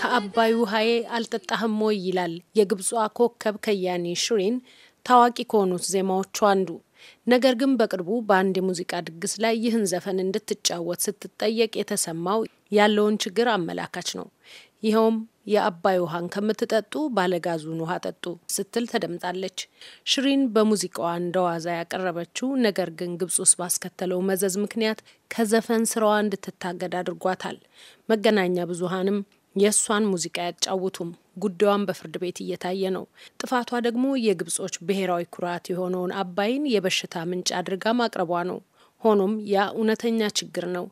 ከአባዩ ውሃዬ አልጠጣህም ወይ ይላል የግብጿ ኮከብ ከያኒ ሹሪን ታዋቂ ከሆኑት ዜማዎቹ አንዱ። ነገር ግን በቅርቡ በአንድ የሙዚቃ ድግስ ላይ ይህን ዘፈን እንድትጫወት ስትጠየቅ የተሰማው ያለውን ችግር አመላካች ነው። ይኸውም የአባይ ውሃን ከምትጠጡ ባለጋዙን ውሃ ጠጡ ስትል ተደምጣለች። ሽሪን በሙዚቃዋ እንደዋዛ ያቀረበችው ነገር ግን ግብጽ ውስጥ ባስከተለው መዘዝ ምክንያት ከዘፈን ስራዋ እንድትታገድ አድርጓታል። መገናኛ ብዙሃንም የእሷን ሙዚቃ አያጫውቱም። ጉዳዩን በፍርድ ቤት እየታየ ነው። ጥፋቷ ደግሞ የግብጾች ብሔራዊ ኩራት የሆነውን አባይን የበሽታ ምንጭ አድርጋ ማቅረቧ ነው። ሆኖም ያ እውነተኛ ችግር ነው።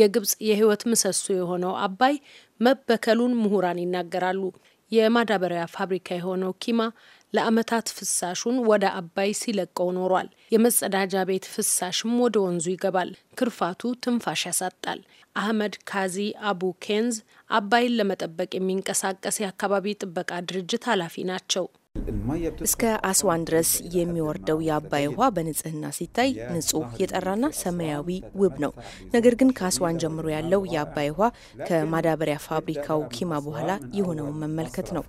የግብጽ የህይወት ምሰሶ የሆነው አባይ መበከሉን ምሁራን ይናገራሉ። የማዳበሪያ ፋብሪካ የሆነው ኪማ ለአመታት ፍሳሹን ወደ አባይ ሲለቀው ኖሯል። የመጸዳጃ ቤት ፍሳሽም ወደ ወንዙ ይገባል። ክርፋቱ ትንፋሽ ያሳጣል። አህመድ ካዚ አቡ ኬንዝ አባይን ለመጠበቅ የሚንቀሳቀስ የአካባቢ ጥበቃ ድርጅት ኃላፊ ናቸው። እስከ አስዋን ድረስ የሚወርደው የአባይ ውሃ በንጽህና ሲታይ ንጹህ የጠራና ሰማያዊ ውብ ነው። ነገር ግን ከአስዋን ጀምሮ ያለው የአባይ ውሃ ከማዳበሪያ ፋብሪካው ኪማ በኋላ የሆነውን መመልከት ነው።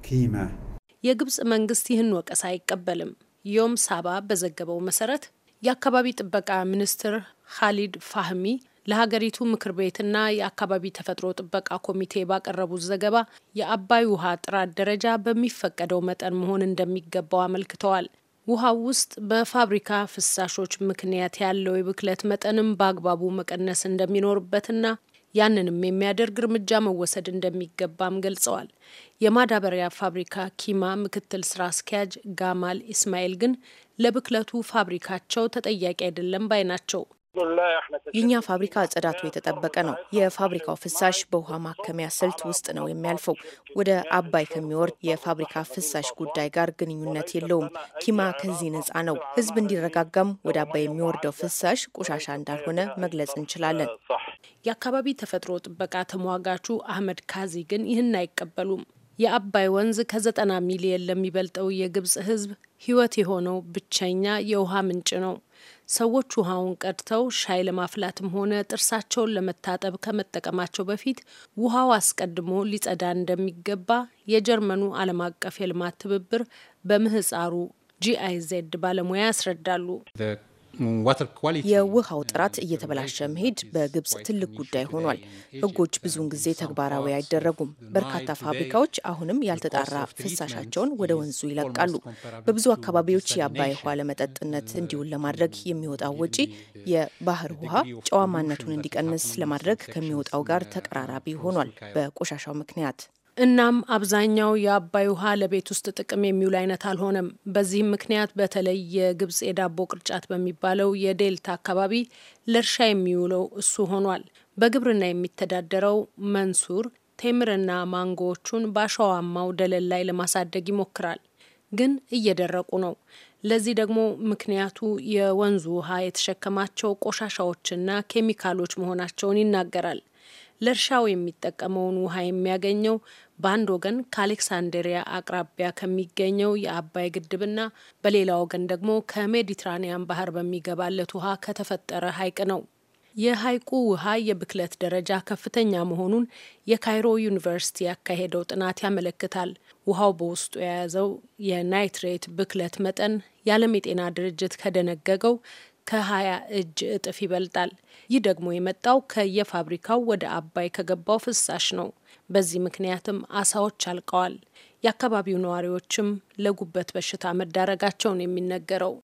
የግብጽ መንግስት ይህን ወቀስ አይቀበልም። ዮም ሳባ በዘገበው መሰረት የአካባቢ ጥበቃ ሚኒስትር ካሊድ ፋህሚ ለሀገሪቱ ምክር ቤትና የአካባቢ ተፈጥሮ ጥበቃ ኮሚቴ ባቀረቡት ዘገባ የአባይ ውሃ ጥራት ደረጃ በሚፈቀደው መጠን መሆን እንደሚገባው አመልክተዋል። ውሃው ውስጥ በፋብሪካ ፍሳሾች ምክንያት ያለው የብክለት መጠንም በአግባቡ መቀነስ እንደሚኖርበትና ያንንም የሚያደርግ እርምጃ መወሰድ እንደሚገባም ገልጸዋል። የማዳበሪያ ፋብሪካ ኪማ ምክትል ስራ አስኪያጅ ጋማል ኢስማኤል ግን ለብክለቱ ፋብሪካቸው ተጠያቂ አይደለም ባይ ናቸው። የእኛ ፋብሪካ ጽዳቱ የተጠበቀ ነው። የፋብሪካው ፍሳሽ በውሃ ማከሚያ ስልት ውስጥ ነው የሚያልፈው። ወደ አባይ ከሚወርድ የፋብሪካ ፍሳሽ ጉዳይ ጋር ግንኙነት የለውም። ኪማ ከዚህ ነፃ ነው። ሕዝብ እንዲረጋጋም ወደ አባይ የሚወርደው ፍሳሽ ቆሻሻ እንዳልሆነ መግለጽ እንችላለን። የአካባቢ ተፈጥሮ ጥበቃ ተሟጋቹ አህመድ ካዚ ግን ይህን አይቀበሉም። የአባይ ወንዝ ከዘጠና ሚሊየን ለሚበልጠው የግብጽ ሕዝብ ሕይወት የሆነው ብቸኛ የውሃ ምንጭ ነው። ሰዎች ውሃውን ቀድተው ሻይ ለማፍላትም ሆነ ጥርሳቸውን ለመታጠብ ከመጠቀማቸው በፊት ውሃው አስቀድሞ ሊጸዳ እንደሚገባ የጀርመኑ ዓለም አቀፍ የልማት ትብብር በምህፃሩ ጂአይዜድ ባለሙያ ያስረዳሉ። የውሃው ጥራት እየተበላሸ መሄድ በግብጽ ትልቅ ጉዳይ ሆኗል። ህጎች ብዙውን ጊዜ ተግባራዊ አይደረጉም። በርካታ ፋብሪካዎች አሁንም ያልተጣራ ፍሳሻቸውን ወደ ወንዙ ይለቃሉ። በብዙ አካባቢዎች የአባይ ውሃ ለመጠጥነት እንዲውል ለማድረግ የሚወጣው ወጪ የባህር ውሃ ጨዋማነቱን እንዲቀንስ ለማድረግ ከሚወጣው ጋር ተቀራራቢ ሆኗል በቆሻሻው ምክንያት እናም አብዛኛው የአባይ ውሃ ለቤት ውስጥ ጥቅም የሚውል አይነት አልሆነም። በዚህም ምክንያት በተለይ የግብጽ የዳቦ ቅርጫት በሚባለው የዴልታ አካባቢ ለእርሻ የሚውለው እሱ ሆኗል። በግብርና የሚተዳደረው መንሱር ቴምርና ማንጎዎቹን በአሸዋማው ደለል ላይ ለማሳደግ ይሞክራል፣ ግን እየደረቁ ነው። ለዚህ ደግሞ ምክንያቱ የወንዙ ውሃ የተሸከማቸው ቆሻሻዎችና ኬሚካሎች መሆናቸውን ይናገራል። ለእርሻው የሚጠቀመውን ውሃ የሚያገኘው በአንድ ወገን ከአሌክሳንደሪያ አቅራቢያ ከሚገኘው የአባይ ግድብና በሌላ ወገን ደግሞ ከሜዲትራኒያን ባህር በሚገባለት ውሃ ከተፈጠረ ሀይቅ ነው። የሀይቁ ውሃ የብክለት ደረጃ ከፍተኛ መሆኑን የካይሮ ዩኒቨርሲቲ ያካሄደው ጥናት ያመለክታል። ውሃው በውስጡ የያዘው የናይትሬት ብክለት መጠን የዓለም የጤና ድርጅት ከደነገገው ከ20 እጅ እጥፍ ይበልጣል። ይህ ደግሞ የመጣው ከየፋብሪካው ወደ አባይ ከገባው ፍሳሽ ነው። በዚህ ምክንያትም አሳዎች አልቀዋል። የአካባቢው ነዋሪዎችም ለጉበት በሽታ መዳረጋቸውን የሚነገረው